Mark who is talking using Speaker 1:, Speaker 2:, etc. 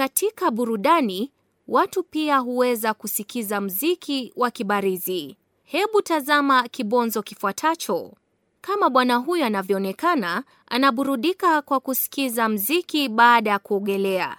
Speaker 1: Katika burudani, watu pia huweza kusikiza mziki wa kibarizi. Hebu tazama kibonzo kifuatacho. Kama bwana huyu anavyoonekana, anaburudika kwa kusikiza mziki baada ya kuogelea.